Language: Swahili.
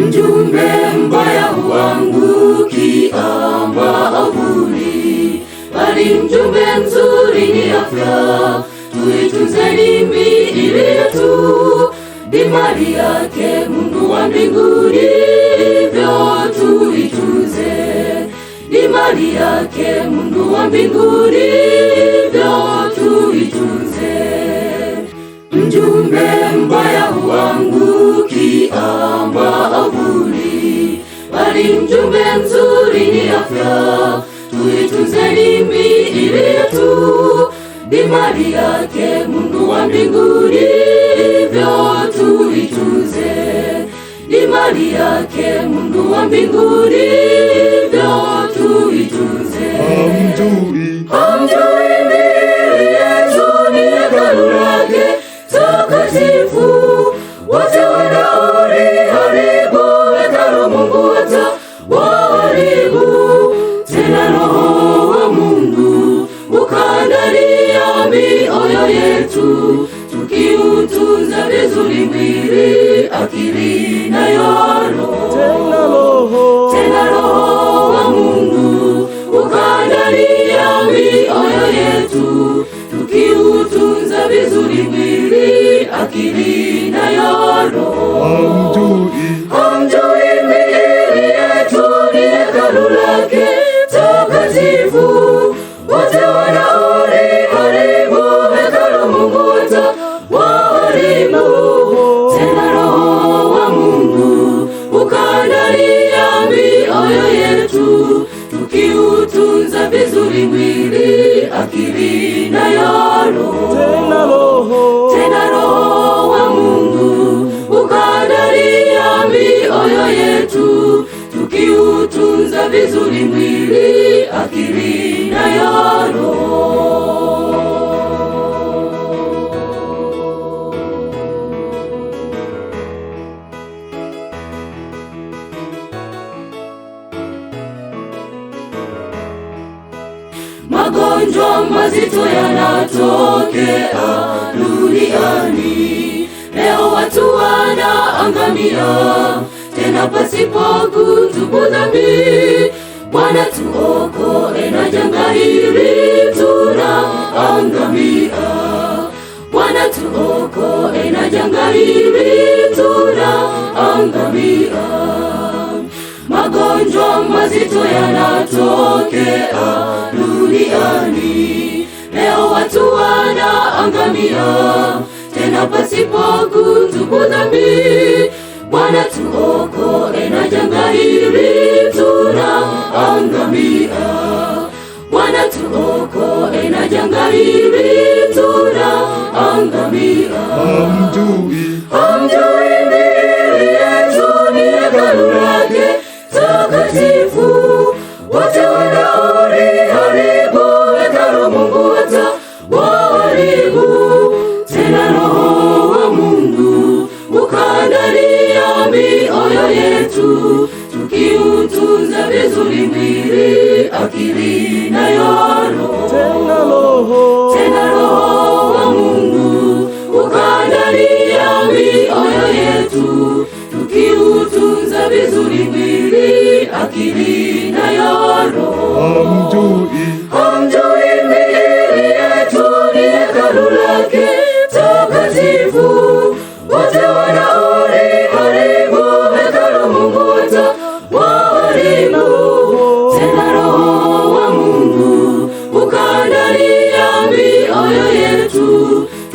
mjumbe mbaya huangukia mbavuni, bali mjumbe mzuri ni afya. Tuitunze dini iliyetu, Bi Maria yake Mungu wa mbinguni, hivyo tuitunze yake Mungu wa mbinguni, hivyo Mjumbe mbaya huangukia ni ujumbe mzuri, ni afya. Tuitunze ni miili yetu, ni mali yake Mungu wa mbinguni, hivyo tuitunze. Ni mali yake Mungu wa mbinguni, hivyo tuitunze. Hamjui moto waharibu tena roho wa mungu ya mioyo yetu tukiutunza vizuri mwili akili nayo roho tena roho wa mungu ukandaria mwili, akili nayo roho, tena roho, tena roho wa Mungu ukadaria mioyo yetu tukiutunza vizuri mwili, akili magonjwa mazito yanatokea duniani. Leo watu wanaangamia tena pasipo kutubu dhambi. Bwana tuokoe na janga hili, tunaangamia. Bwana tuokoe na janga hili, tunaangamia. Magonjwa mazito yanatokea duniani. Leo watu wanaangamia tena pasipo kutubu dhambi. Bwana tuokoe na janga hili, tunaangamia. Bwana tuokoe na janga hili, tunaangamia. wetu, tukiutunza vizuri mwili, akili na roho, tena roho Cristo.